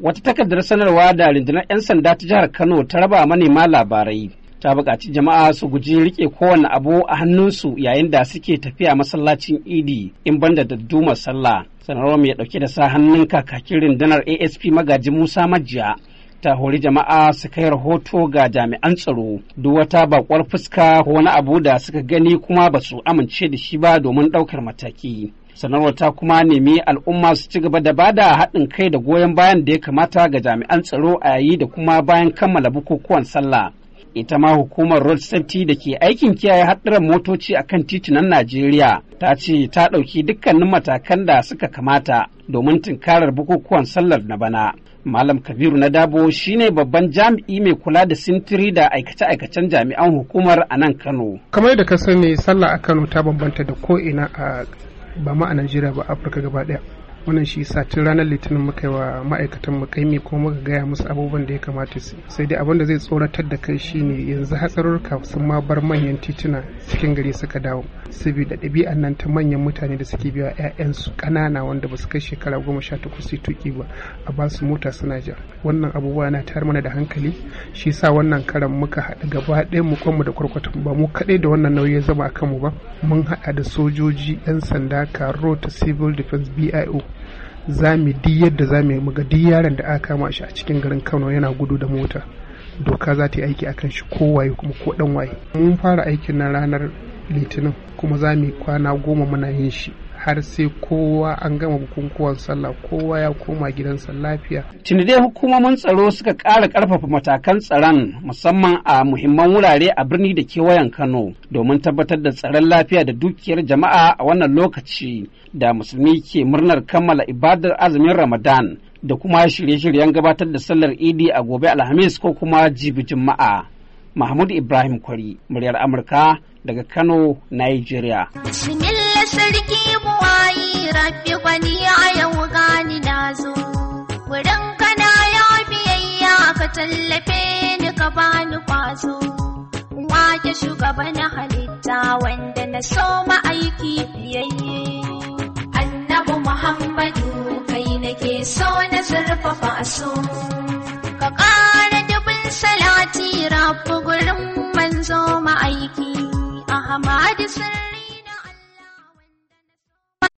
wata takardar sanarwa da rundunar 'yan sanda ta jihar kano ta raba manema labarai ta buƙaci jama'a su guji rike kowane abu a hannunsu yayin da suke tafiya masallacin idi in banda da duma sallah sanarwar mai ɗauke da sa hannun kakakin rundunar asp magaji musa majiya ta hori jama'a su kai rahoto ga jami'an tsaro duk wata bakwar fuska ko wani abu da suka gani kuma ba su amince da shi ba domin ɗaukar mataki sanarwar ta kuma nemi al'umma su ci gaba da bada haɗin kai da goyon bayan da ya kamata ga jami'an tsaro a yayi da kuma bayan kammala bukukuwan sallah ita ma hukumar road safety da ke aikin kiyaye haɗuran motoci a kan titunan najeriya ta ce ta ɗauki dukkanin matakan da suka kamata domin tunkarar bukukuwan sallar na bana malam kabiru na dabo shine babban jami'i mai kula da sintiri da aikace-aikacen jami'an hukumar a nan kano kamar da ka sani sallah a kano ta bambanta da ko ina a ba ma a najeriya ba afirka gaba daya wannan shi sa tun ranar litinin muka yi wa ma'aikatan mu kaimi ko muka gaya musu abubuwan da ya kamata su sai dai abin da zai tsoratar da kai shine yanzu hatsarurruka sun ma bar manyan tituna cikin gari suka dawo saboda ɗabi'an nan ta manyan mutane da suke biya 'ya'yansu ƙanana wanda ba su kai shekara goma sha takwas su tuki ba a ba su mota suna ja wannan abubuwa na tayar mana da hankali shi sa wannan karan muka haɗu gaba ɗaya mu kwanmu da kwarkwata ba mu kaɗai da wannan nauyi ya zama a kanmu ba mun haɗa da sojoji 'yan sanda karo ta civil defense bio za mu di yadda za mu muga duk yaron da aka kama shi a cikin garin Kano yana gudu da mota doka za ta yi aiki akan shi ko waye kuma ko dan waye mun fara aikin na ranar litinin kuma za mu kwana goma muna yin shi har sai kowa an gama bukukuwan sallah kowa ya koma gidansa lafiya. Tuni dai hukumomin tsaro suka ƙara ƙarfafa matakan tsaron musamman a muhimman wurare a birni da kewayen Kano domin tabbatar da tsaron lafiya da dukiyar jama'a a wannan lokaci da musulmi ke murnar kammala ibadar azumin Ramadan da kuma shirye-shiryen gabatar da sallar Idi a gobe Alhamis ko kuma jibi Juma'a. Mahmud Ibrahim Kwari, muryar Amurka daga Kano, Nigeria. sarki buwayi rabbi gwani a yau gani na zo wurin kana ya biyayya ka tallafe ni ka bani kwazo wake shugaban halitta wanda na so ma'aiki biyayye annabi muhammadu kai nake so na zurfafa so ka ƙara dubin salati rabbi gurin manzo ma'aiki ahmadu sirri